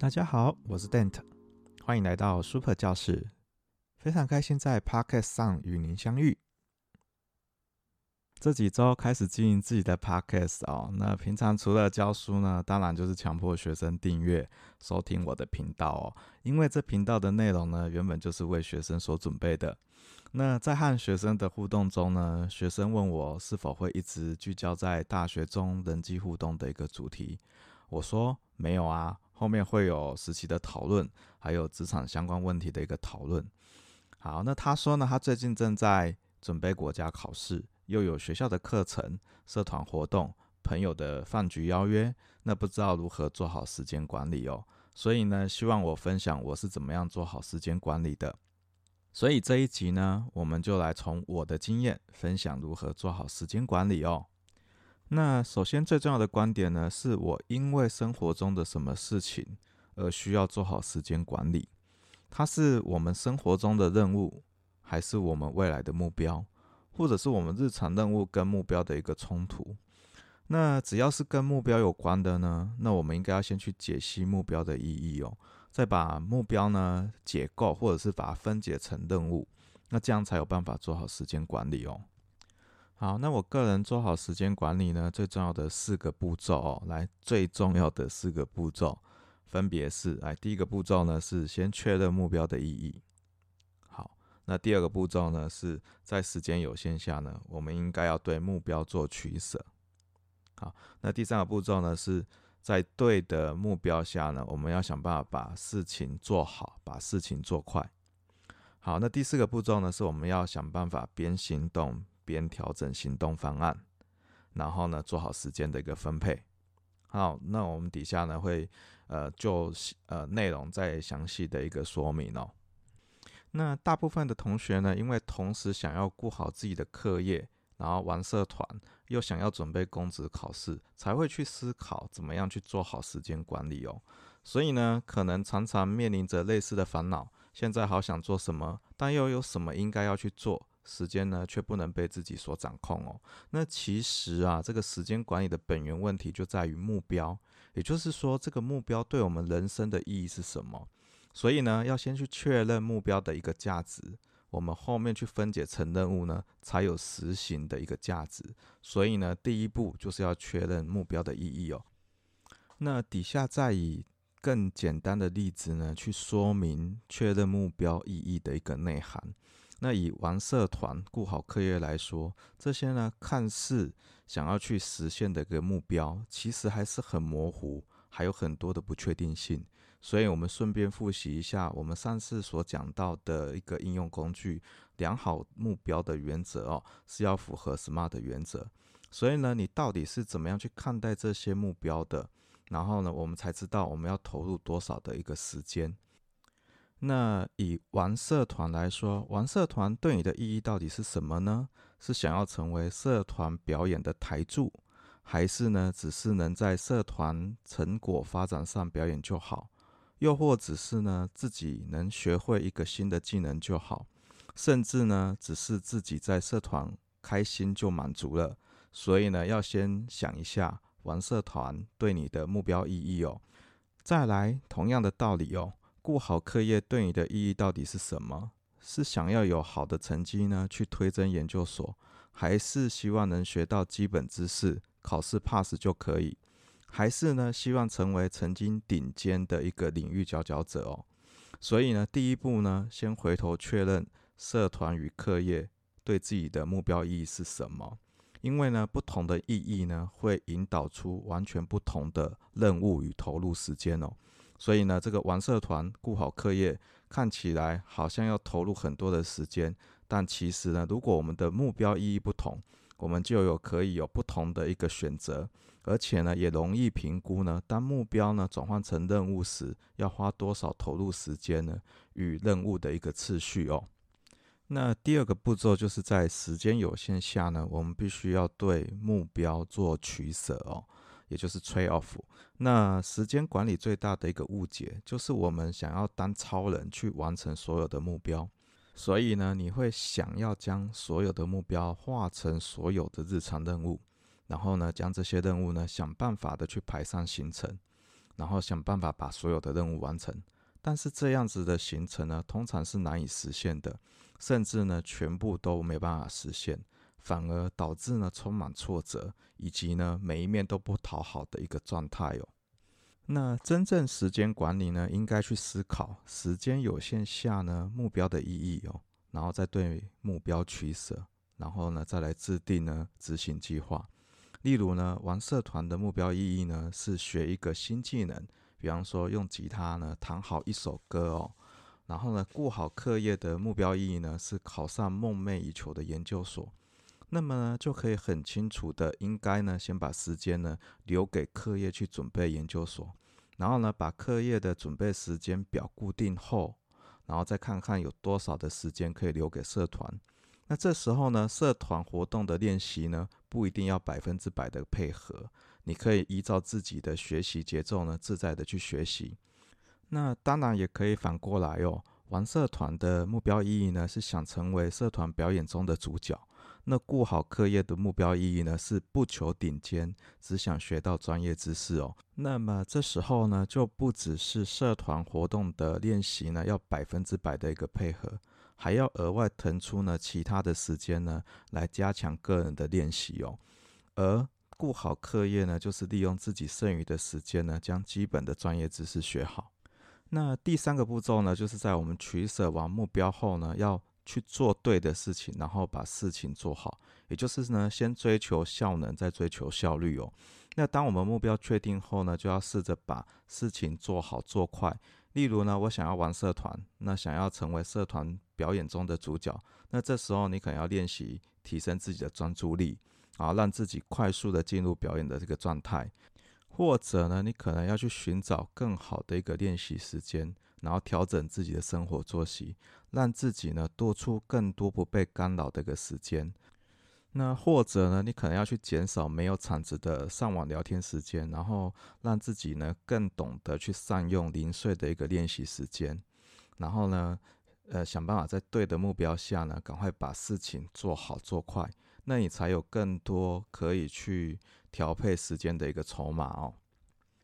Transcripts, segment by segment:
大家好，我是 Dante，歡迎來到 Super 教室。非常開心在 Podcast 上與您相遇。這幾周開始經營自己的 Podcast，那平常除了教書呢，當然就是強迫學生訂閱收聽我的頻道哦。因為這頻道的內容呢，原本就是為學生所準備的。那在和學生的互動中呢，學生問我是否會一直聚焦在大學中人際互動的一個主題，我說沒有啊。後面會有實習的討論，還有職場相關問題的一個討論。好，那他說呢，他最近正在準備國家考試，又有學校的課程、社團活動、朋友的飯局邀約，那不知道如何做好時間管理哦。所以呢，希望我分享我是怎麼樣做好時間管理的。所以這一集呢，我們就來從我的經驗分享如何做好時間管理哦。那首先最重要的觀點呢，是我因為生活中的什麼事情而需要做好時間管理？它是我們生活中的任務，還是我們未來的目標，或者是我們日常任務跟目標的一個衝突？那只要是跟目標有關的呢，那我們應該要先去解析目標的意義哦，再把目標呢解構，或者是把它分解成任務，那這樣才有辦法做好時間管理哦。好，那我個人做好時間管理呢，最重要的四個步驟哦。來，最重要的四個步驟分別是：哎，第一個步驟呢是先確認目標的意義。好，那第二個步驟呢是在時間有限下呢，我們應該要對目標做取捨。好，那第三個步驟呢是在對的目標下呢，我們要想辦法把事情做好，把事情做快。好，那第四個步驟呢是我們要想辦法邊行動。邊調整行動方案，然後呢，做好時間的一個分配。好，那我們底下呢會呃，就呃內容再詳細的一個說明哦。那大部分的同學呢，因為同時想要顧好自己的課業，然後玩社團，又想要準備公職考試，才會去思考怎麼樣去做好時間管理哦。所以呢，可能常常面臨着類似的煩惱，現在好想做什麼，但又有什麼應該要去做，時間呢，卻不能被自己所掌控哦。那其實啊，這個時間管理的本源問題就在於目標，也就是說，這個目標對我們人生的意義是什麼？所以呢，要先去確認目標的一個價值，我們後面去分解成任務呢，才有實行的一個價值。所以呢，第一步就是要確認目標的意義哦。那底下再以更簡單的例子呢，去說明確認目標意義的一個內涵。那以玩社團、顧好課業來說，這些呢，看似想要去實現的一個目標，其實還是很模糊，還有很多的不確定性。所以，我們順便複習一下我們上次所講到的一個應用工具，良好目標的原則哦，是要符合 SMART 的原則。所以呢，你到底是怎麼樣去看待這些目標的？然後呢，我們才知道我們要投入多少的一個時間。那以玩社團來說，玩社團對你的意義到底是什麼呢？是想要成為社團表演的台柱，還是呢，只是能在社團成果發展上表演就好？又或只是呢，自己能學會一個新的技能就好？甚至呢，只是自己在社團開心就滿足了？所以呢，要先想一下玩社團對你的目標意義哦。再來，同樣的道理哦。顧好課業對你的意義到底是什麼？是想要有好的成績呢，去推甄研究所，還是希望能學到基本知識，考試 pass 就可以？還是呢，希望成為曾經頂尖的一個領域佼佼者哦？所以呢，第一步呢，先回頭確認社團與課業對自己的目標意義是什麼？因為呢，不同的意義呢，會引導出完全不同的任務與投入時間哦。所以呢，這個玩社團、顧好課業看起來好像要投入很多的時間，但其實呢，如果我們的目標意義不同，我們就有可以有不同的一個選擇，而且呢，也容易評估呢。當目標呢轉換成任務時，要花多少投入時間呢？與任務的一個次序哦。那第二個步驟就是在時間有限下呢，我們必須要對目標做取捨哦。也就是 trade off。那時間管理最大的一個誤解，就是我們想要當超人去完成所有的目標。所以呢，你會想要將所有的目標化成所有的日常任務，然後呢，將這些任務呢，想辦法的去排上行程，然後想辦法把所有的任務完成。但是這樣子的行程呢，通常是難以實現的，甚至呢，全部都沒辦法實現。反而導致呢，充滿挫折，以及呢每一面都不討好的一個狀態哦。那真正時間管理呢，應該去思考時間有限下呢，目標的意義哦，然後再對目標取捨，然後呢再來制定呢執行計劃。例如呢，玩社團的目標意義呢是學一個新技能，比方說用吉他呢彈好一首歌哦。然後呢，顧好課業的目標意義呢是考上夢寐以求的研究所。那麼呢，就可以很清楚的，應該呢，先把時間呢留給課業去準備研究所，然後呢，把課業的準備時間表固定後，然後再看看有多少的時間可以留給社團。那這時候呢，社團活動的練習呢，不一定要百分之百的配合，你可以依照自己的學習節奏呢，自在的去學習。那當然也可以反過來哦，玩社團的目標意義呢，是想成為社團表演中的主角。那顧好課業的目標意義呢，是不求頂尖，只想學到專業知識哦。那麼這時候呢，就不只是社團活動的練習呢，要百分之百的一個配合，還要額外騰出呢其他的時間呢，來加強個人的練習哦。而顧好課業呢，就是利用自己剩餘的時間呢，將基本的專業知識學好。那第三個步驟呢，就是在我們取捨完目標後呢，要。去做對的事情，然後把事情做好，也就是呢，先追求效能，再追求效率哦。那當我們目標確定後呢，就要試着把事情做好做快。例如呢，我想要玩社團，那想要成為社團表演中的主角，那這時候你可能要練習提升自己的專注力啊，然後讓自己快速地進入表演的這個狀態，或者呢，你可能要去尋找更好的一個練習時間。然後調整自己的生活作息，讓自己呢，多出更多不被干擾的一個時間。那或者呢，你可能要去減少沒有產值的上網聊天時間，然後讓自己呢，更懂得去善用零碎的一個練習時間。然後呢，呃，想辦法在對的目標下呢，趕快把事情做好做快，那你才有更多可以去調配時間的一個籌碼哦。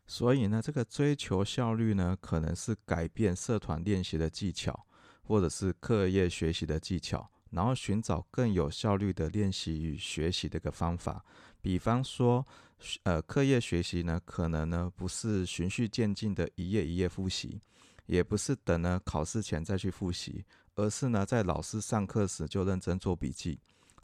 所以呢，這個追求效率呢，可能是改變社團練習的技巧，或者是課業學習的技巧，然後尋找更有效率的練習與學習的一個方法。比方說，呃，課業學習呢，可能呢不是循序漸進的一頁一頁複習，也不是等呢考試前再去複習，而是呢在老師上課時就認真做筆記。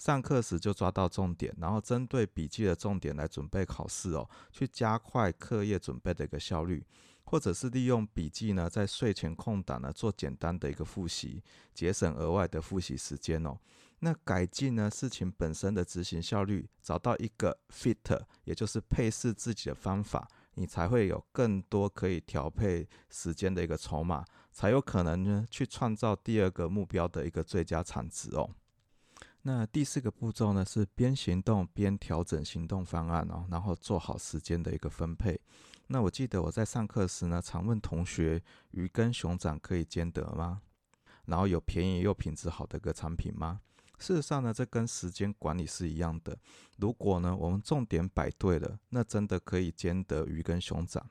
上課時就抓到重點，然後針對筆記的重點來準備考試哦，去加快課業準備的一個效率，或者是利用筆記呢，在睡前空檔呢做簡單的一個複習，節省額外的複習時間哦。那改進呢事情本身的執行效率，找到一個 fit，也就是配適自己的方法，你才會有更多可以調配時間的一個籌碼，才有可能呢去創造第二個目標的一個最佳產值哦。那第四個步驟呢，是邊行動邊調整行動方案哦，然後做好時間的一個分配。那我記得我在上課時呢，常問同學：魚跟熊掌可以兼得嗎？然後有便宜又品質好的一個產品嗎？事實上呢，這跟時間管理是一樣的。如果呢，我們重點擺對了，那真的可以兼得魚跟熊掌。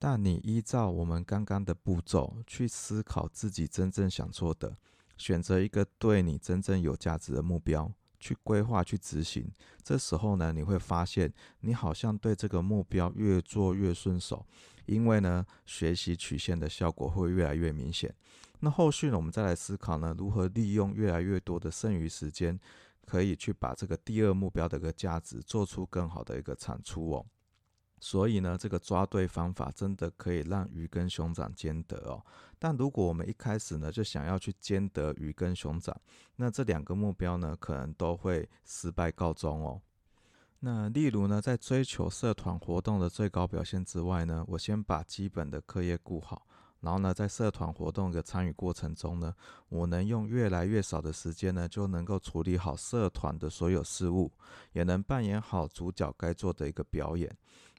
但你依照我們剛剛的步驟去思考自己真正想做的。選擇一個對你真正有價值的目標，去規劃，去執行。這時候呢，你會發現你好像對這個目標越做越順手，因為呢，學習曲線的效果會越來越明顯。那後續呢，我們再來思考呢，如何利用越來越多的剩餘時間，可以去把這個第二目標的一個價值做出更好的一個產出哦。所以呢，這個抓對方法真的可以讓魚跟熊掌兼得哦。但如果我們一開始呢，就想要去兼得魚跟熊掌，那這兩個目標呢，可能都會失敗告終哦。那例如呢，在追求社團活動的最高表現之外呢，我先把基本的課業顧好，然後呢，在社團活動的參與過程中呢，我能用越來越少的時間呢，就能夠處理好社團的所有事務，也能扮演好主角該做的一個表演。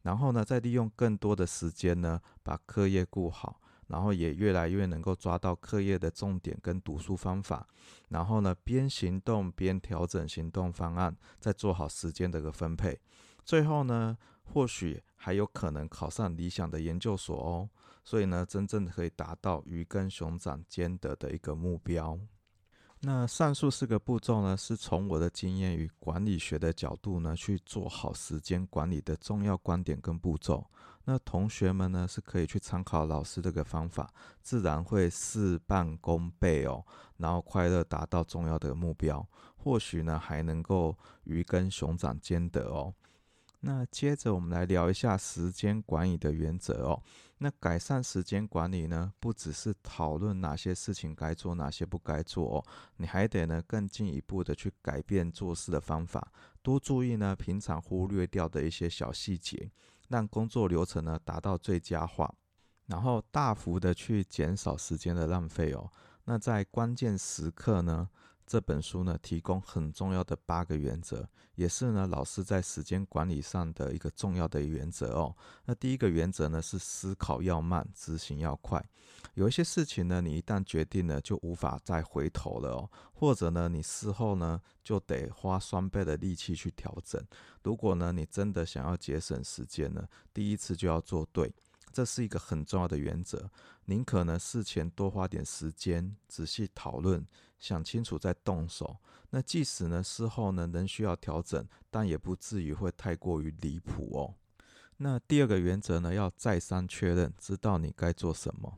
然後呢，再利用更多的時間呢，把課業顧好，然後也越來越能夠抓到課業的重點跟讀書方法。然後呢，邊行動邊調整行動方案，再做好時間的一個分配。最後呢，或許還有可能考上理想的研究所哦。所以呢，真正可以達到魚跟熊掌兼得的一個目標。那上述四個步驟呢，是從我的經驗與管理學的角度呢，去做好時間管理的重要觀點跟步驟。那同學們呢，是可以去參考老師這個方法，自然會事半功倍哦。然後快樂達到重要的目標，或許呢，還能夠魚跟熊掌兼得哦。那接着我們來聊一下時間管理的原則哦。那改善時間管理呢，不只是討論哪些事情該做，哪些不該做哦，你還得呢更進一步的去改變做事的方法。多注意呢，平常忽略掉的一些小細節，讓工作流程呢達到最佳化，然後大幅的去減少時間的浪費哦。那在關鍵時刻呢，這本書呢，提供很重要的八個原則，也是呢老師在時間管理上的一個重要的原則哦。那第一個原則呢，是思考要慢，執行要快。有一些事情呢，你一旦決定了，就無法再回頭了哦。或者呢，你事後呢就得花雙倍的力氣去調整。如果呢，你真的想要節省時間呢，第一次就要做對。這是一個很重要的原則，寧可呢事前多花點時間仔細討論，想清楚再動手。那即使呢事後呢仍需要調整，但也不至於會太過於離譜哦。那第二個原則呢，要再三確認，知道你該做什麼。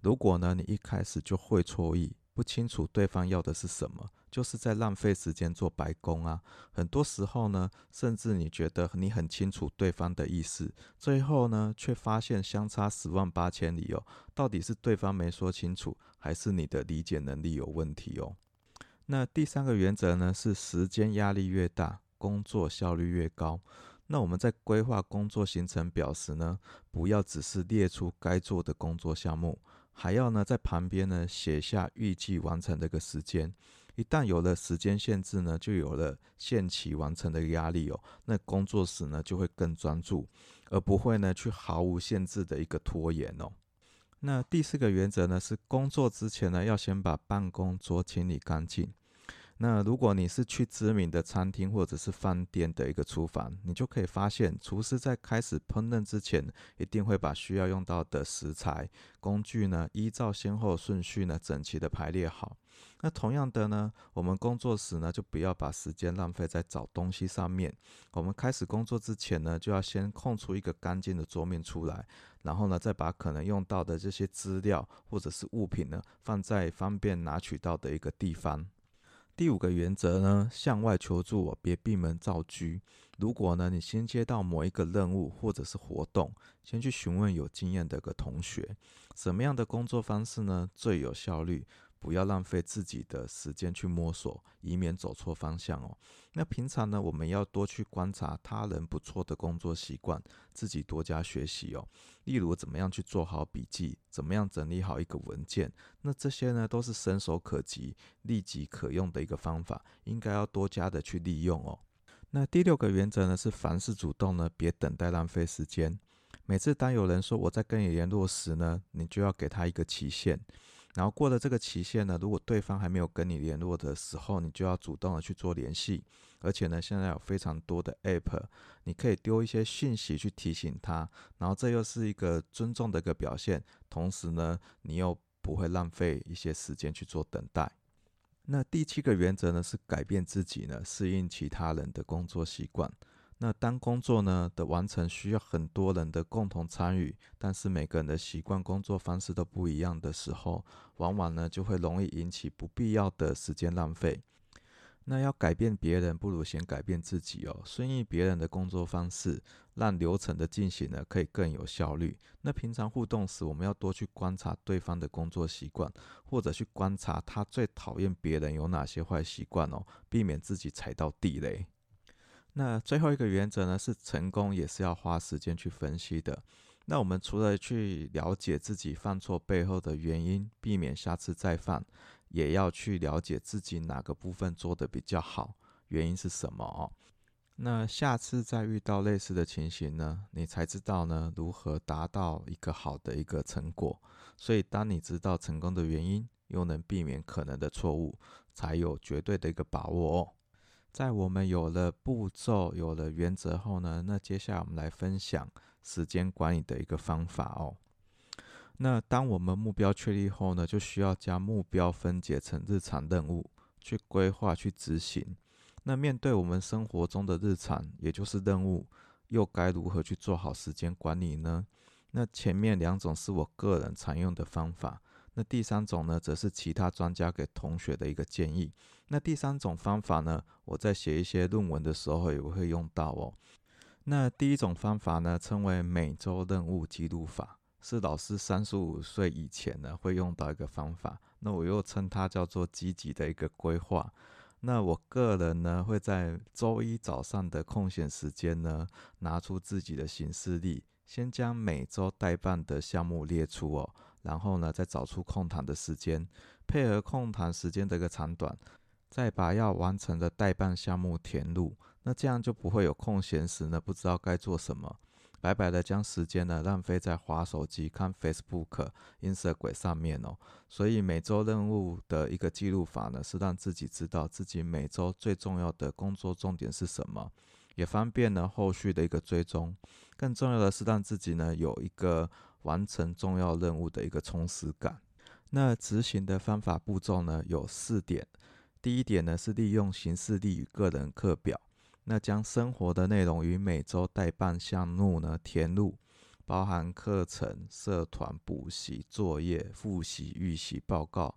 如果呢，你一開始就會錯意，不清楚對方要的是什麼。就是在浪費時間做白工啊！很多時候呢，甚至你覺得你很清楚對方的意思，最後呢，卻發現相差十萬八千里哦。到底是對方沒說清楚，還是你的理解能力有問題哦？那第三個原則呢，是時間壓力越大，工作效率越高。那我們在規劃工作行程表時呢，不要只是列出該做的工作項目，還要呢在旁邊呢寫下預計完成這個時間。一旦有了時間限制呢，就有了限期完成的壓力哦。那工作時呢，就會更專注，而不會呢，去毫無限制的一個拖延哦。那第四個原則呢，是工作之前呢，要先把辦公桌清理乾淨。那如果你是去知名的餐廳或者是飯店的一個廚房，你就可以發現，廚師在開始烹飪之前，一定會把需要用到的食材、工具呢，依照先後順序呢，整齊的排列好。那同樣的呢，我們工作時呢，就不要把時間浪費在找東西上面。我們開始工作之前呢，就要先空出一個乾淨的桌面出來，然後呢，再把可能用到的這些資料或者是物品呢，放在方便拿取到的一個地方。第五個原則呢，向外求助，別閉門造車。如果呢，你先接到某一個任務或者是活動，先去詢問有經驗的一個同學，什麼樣的工作方式呢，最有效率。不要浪費自己的時間去摸索，以免走錯方向哦。那平常呢，我們要多去觀察他人不錯的工作習慣，自己多加學習哦。例如，怎麼樣去做好筆記，怎麼樣整理好一個文件，那這些呢，都是伸手可及、立即可用的一個方法，應該要多加的去利用哦。那第六個原則呢，是凡事主動呢，別等待浪費時間。每次當有人說我再跟你聯絡時呢，你就要給他一個期限。然後過了這個期限呢，如果對方還沒有跟你聯絡的時候，你就要主動的去做聯繫。而且呢，現在有非常多的 app，你可以丟一些訊息去提醒他。然後這又是一個尊重的一個表現，同時呢，你又不會浪費一些時間去做等待。那第七個原則呢，是改變自己呢，適應其他人的工作習慣。那當工作呢的完成需要很多人的共同參與，但是每個人的習慣工作方式都不一樣的時候，往往呢就會容易引起不必要的時間浪費。那要改變別人，不如先改變自己哦。順應別人的工作方式，讓流程的進行呢可以更有效率。那平常互動時，我們要多去觀察對方的工作習慣，或者去觀察他最討厭別人有哪些壞習慣哦，避免自己踩到地雷。那最後一個原則呢，是成功也是要花時間去分析的。那我們除了去了解自己犯錯背後的原因，避免下次再犯，也要去了解自己哪個部分做得比較好，原因是什麼哦。那下次再遇到類似的情形呢，你才知道呢如何達到一個好的一個成果。所以當你知道成功的原因，又能避免可能的錯誤，才有絕對的一個把握哦。在我們有了步驟，有了原則後呢，那接下來我們來分享時間管理的一個方法哦。那當我們目標確立後呢，就需要將目標分解成日常任務，去規劃，去執行。那面對我們生活中的日常，也就是任務，又該如何去做好時間管理呢？那前面兩種是我個人常用的方法。那第三種呢，則是其他專家給同學的一個建議。那第三種方法呢，我在寫一些論文的時候也會用到哦。那第一種方法呢，稱為每周任務記錄法，是老師三十五歲以前呢會用到一個方法。那我又稱它叫做積極的一個規劃。那我個人呢，會在周一早上的空閒時間呢，拿出自己的行事曆，先將每周待辦的項目列出哦。然後呢，再找出空檔的時間，配合空檔時間的一個長短，再把要完成的待辦項目填入。那這樣就不會有空閒時呢，不知道該做什麼，白白的將時間呢浪費在滑手機、看 Facebook、Instagram 上面哦。所以每周任務的一個記錄法呢，是讓自己知道自己每周最重要的工作重點是什麼，也方便呢後續的一個追蹤。更重要的是讓自己呢有一個。完成重要任務的一個充實感。那執行的方法步驟呢，有四點。第一點呢，是利用行事曆與個人課表，那將生活的內容與每周待辦項目呢填入，包含課程、社團、補習、作業、複習、預習、報告、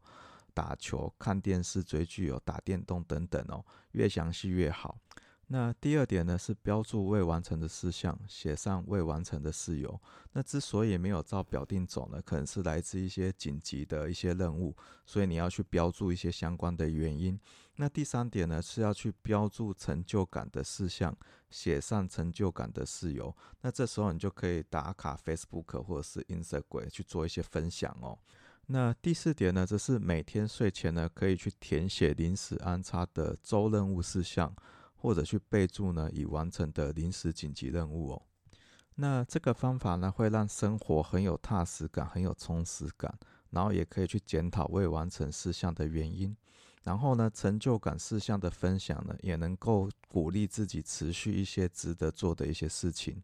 打球、看電視、追劇、哦、有打電動等等哦，越詳細越好。那第二點呢，是標註未完成的事項，寫上未完成的事由。那之所以沒有照表定走呢，可能是來自一些緊急的一些任務，所以你要去標註一些相關的原因。那第三點呢，是要去標註成就感的事項，寫上成就感的事由。那這時候你就可以打卡 Facebook 或者是 Instagram 去做一些分享哦。那第四點呢，就是每天睡前呢，可以去填寫臨時安插的周任務事項。或者去備註呢，已完成的臨時緊急任務哦。那這個方法呢，會讓生活很有踏實感，很有充實感，然後也可以去檢討未完成事項的原因。然後呢，成就感事項的分享呢，也能夠鼓勵自己持續一些值得做的一些事情。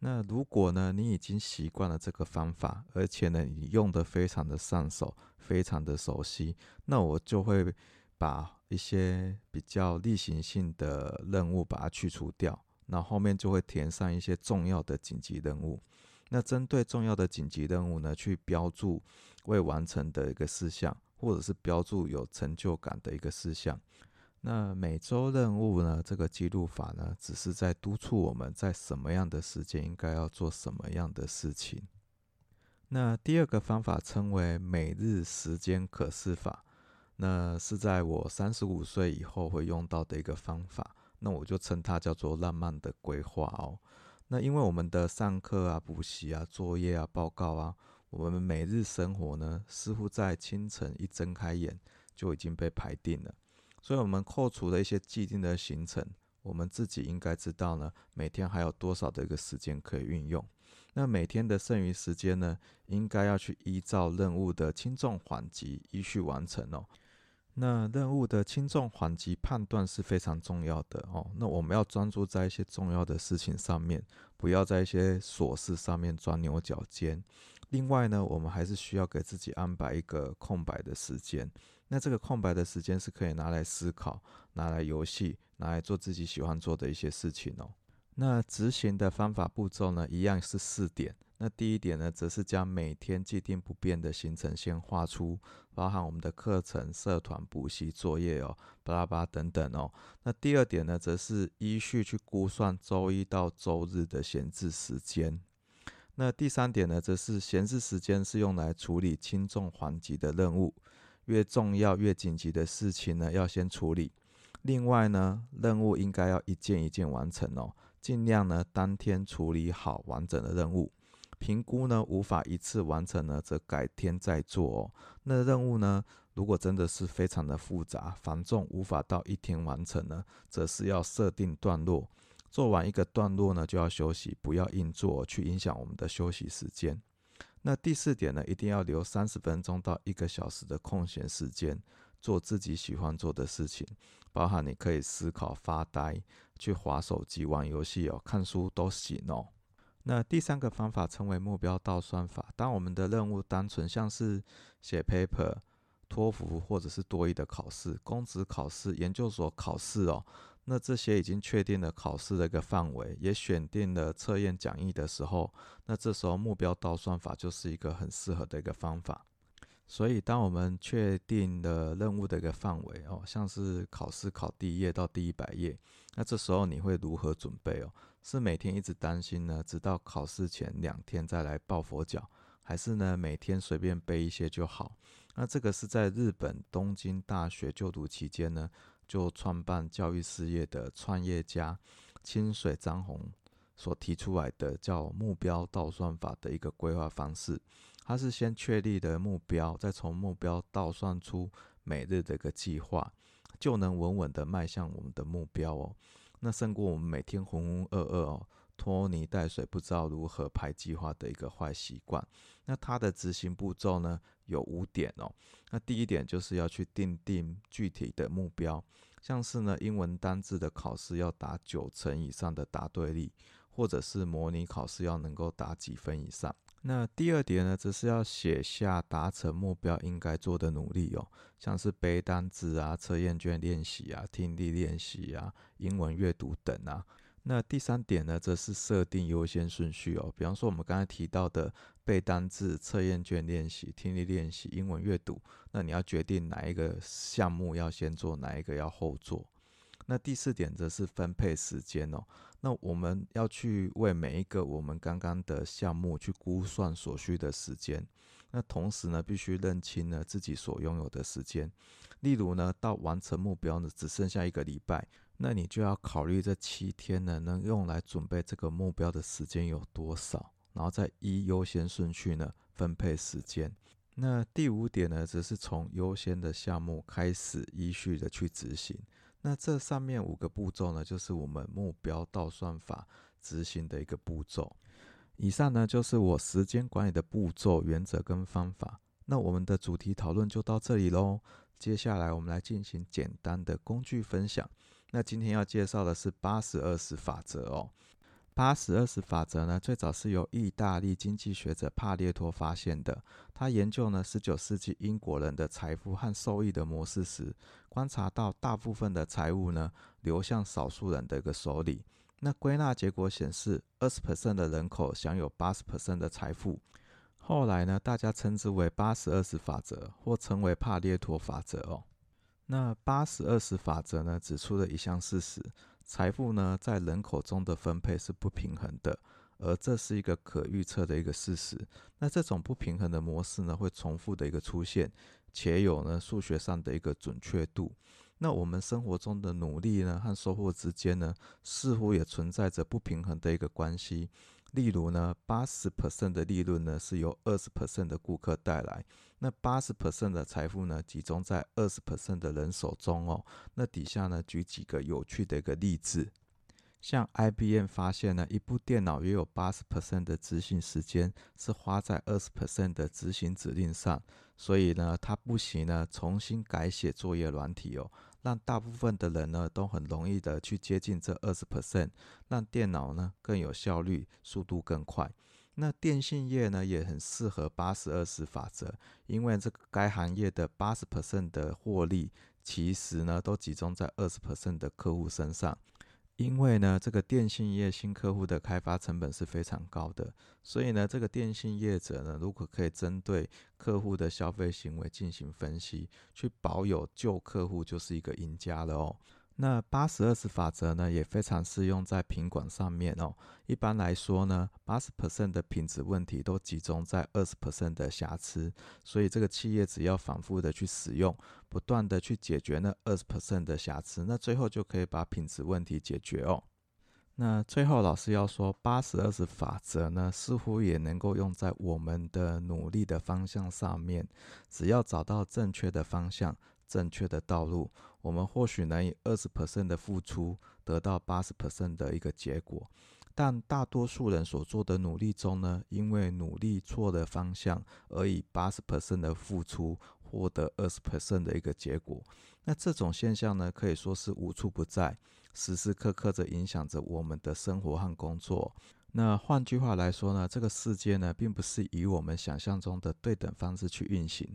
那如果呢，你已經習慣了這個方法，而且呢，你用得非常的上手，非常的熟悉，那我就會把。一些比較例行性的任務，把它去除掉，那後面就會填上一些重要的緊急任務。那針對重要的緊急任務呢，去標註未完成的一個事項，或者是標註有成就感的一個事項。那每周任務呢，這個記錄法呢，只是在督促我們在什麼樣的時間應該要做什麼樣的事情。那第二個方法稱為每日時間可視法。那是在我三十五歲以後會用到的一個方法，那我就稱它叫做浪漫的規劃哦。那因為我們的上課啊、補習啊、作業啊、報告啊，我們每日生活呢，似乎在清晨一睜開眼就已經被排定了。所以，我們扣除了一些既定的行程，我們自己應該知道呢，每天還有多少的一個時間可以運用。那每天的剩餘時間呢，應該要去依照任務的輕重緩急，依序完成哦。那任務的輕重緩急判斷是非常重要的哦。那我們要專注在一些重要的事情上面，不要在一些瑣事上面鑽牛角尖。另外呢，我們還是需要給自己安排一個空白的時間。那這個空白的時間是可以拿來思考、拿來遊戲、拿來做自己喜歡做的一些事情哦。那執行的方法步驟呢，一樣是四點。那第一點呢，則是將每天既定不變的行程先畫出，包含我們的課程、社團、補習、作業哦，巴拉巴等等哦。那第二點呢，則是依序去估算週一到週日的閒置時間。那第三點呢，則是閒置時間是用來處理輕重緩急的任務，越重要越緊急的事情呢，要先處理。另外呢，任務應該要一件一件完成哦，盡量呢，當天處理好完整的任務。評估呢，無法一次完成呢，則改天再做哦。那任務呢，如果真的是非常的複雜繁重，無法到一天完成呢，則是要設定段落，做完一個段落呢，就要休息，不要硬做哦，去影響我們的休息時間。那第四點呢，一定要留三十分鐘到一個小時的空閒時間，做自己喜歡做的事情，包含你可以思考、發呆、去滑手機、玩遊戲哦、看書都行哦。那第三個方法稱為目標倒算法。當我們的任務單純像是寫 paper、托福或者是多益的考試、公職考試、研究所考試哦，那這些已經確定了考試的一個範圍，也選定了測驗講義的時候，那這時候目標倒算法就是一個很適合的一個方法。所以，當我們確定了任務的一個範圍哦，像是考試考第一頁到第一百頁，那這時候你會如何準備哦？是每天一直擔心呢，直到考試前兩天再來抱佛腳，還是呢每天隨便背一些就好？那這個是在日本東京大學就讀期間呢，就創辦教育事業的創業家清水張紅所提出來的叫目標倒算法的一個規劃方式。他是先確立的目標，再從目標倒算出每日的一個計劃，就能穩穩地邁向我們的目標哦。那勝過我們每天渾渾噩噩哦、拖泥帶水、不知道如何排計劃的一個壞習慣。那它的執行步驟呢，有五點哦。那第一點就是要去訂定具體的目標，像是呢英文單字的考試要達九成以上的答對率，或者是模擬考試要能夠達幾分以上。那第二點呢，則是要寫下達成目標應該做的努力哦，像是背單字啊、測驗卷練習啊、聽力練習啊、英文閱讀等啊。那第三點呢，則是設定優先順序哦，比方說我們剛才提到的背單字、測驗卷練習、聽力練習、英文閱讀，那你要決定哪一個項目要先做，哪一個要後做。那第四點，則是分配時間哦。那我們要去為每一個我們剛剛的項目去估算所需的時間，那同時呢，必須認清呢自己所擁有的時間。例如呢，到完成目標呢只剩下一個禮拜，那你就要考慮這七天呢能用來準備這個目標的時間有多少，然後再依優先順序呢分配時間。那第五點呢，則是從優先的項目開始依序的去執行。那這上面五個步驟呢，就是我們目標到算法執行的一個步驟。以上呢，就是我時間管理的步驟、原則跟方法。那我們的主題討論就到這裡嘍。接下來我們來進行簡單的工具分享。那今天要介紹的是八十二十法則哦。八十二十法則呢，最早是由意大利經濟學者帕列托發現的。他研究呢十九世紀英國人的財富和收益的模式時，觀察到大部分的財富呢流向少數人的一個手裡。那歸納結果顯示，二十 percent 的人口享有八十 percent 的財富。後來呢，大家稱之為八十二十法則，或稱為帕列托法則。哦，那八十二十法則呢，指出了一項事實。財富呢，在人口中的分配是不平衡的，而這是一個可預測的一個事實。那這種不平衡的模式呢，會重複的一個出現，且有呢數學上的一個準確度。那我們生活中的努力呢和收穫之間呢，似乎也存在着不平衡的一個關係。例如呢，八十 percent 的利潤呢是由二十 percent 的顧客帶來，那八十 percent 的財富呢集中在二十 percent 的人手中哦。那底下呢舉幾個有趣的一個例子，像 IBM 發現呢，一部電腦也有八十 percent 的執行時間是花在二十 percent 的執行指令上，所以呢，他不惜呢重新改寫作業軟體哦。讓大部分的人呢都很容易的去接近這二十 percent，讓電腦呢更有效率，速度更快。那電信業呢也很適合八十二十法則，因為這個該行業的八十 percent 的獲利，其實呢都集中在二十 percent 的客戶身上。因為呢，這個電信業新客戶的開發成本是非常高的，所以呢，這個電信業者呢，如果可以針對客戶的消費行為進行分析，去保有舊客戶，就是一個贏家了哦。那八十二十法則呢，也非常適用在品管上面哦。一般來說呢，八十 percent 的品質問題都集中在二十 percent 的瑕疵，所以這個企業只要反覆的去使用，不斷地去解決那二十 percent 的瑕疵，那最後就可以把品質問題解決哦。那最後老師要說，八十二十法則呢，似乎也能夠用在我們的努力的方向上面，只要找到正確的方向，正確的道路，我們或許能以二十 percent 的付出得到八十 percent 的一個結果，但大多數人所做的努力中呢，因為努力錯了方向，而以八十 percent 的付出獲得二十 percent 的一個結果。那這種現象呢，可以說是無處不在，時時刻刻地影響着我們的生活和工作。那換句話來說呢，這個世界呢，並不是以我們想象中的對等方式去運行。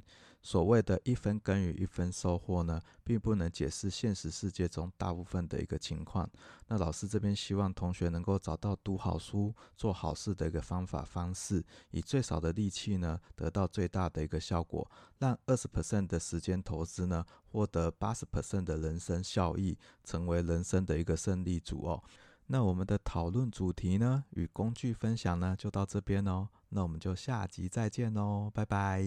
所謂的一分耕耘一分收穫呢，並不能解釋現實世界中大部分的一個情況。那老師這邊希望同學能夠找到讀好書、做好事的一個方法方式，以最少的力氣呢，得到最大的一個效果，讓二十 percent 的時間投資呢，獲得八十 percent 的人生效益，成為人生的一個勝利組哦。那我們的討論主題呢，與工具分享呢，就到這邊哦。那我們就下集再見哦，拜拜。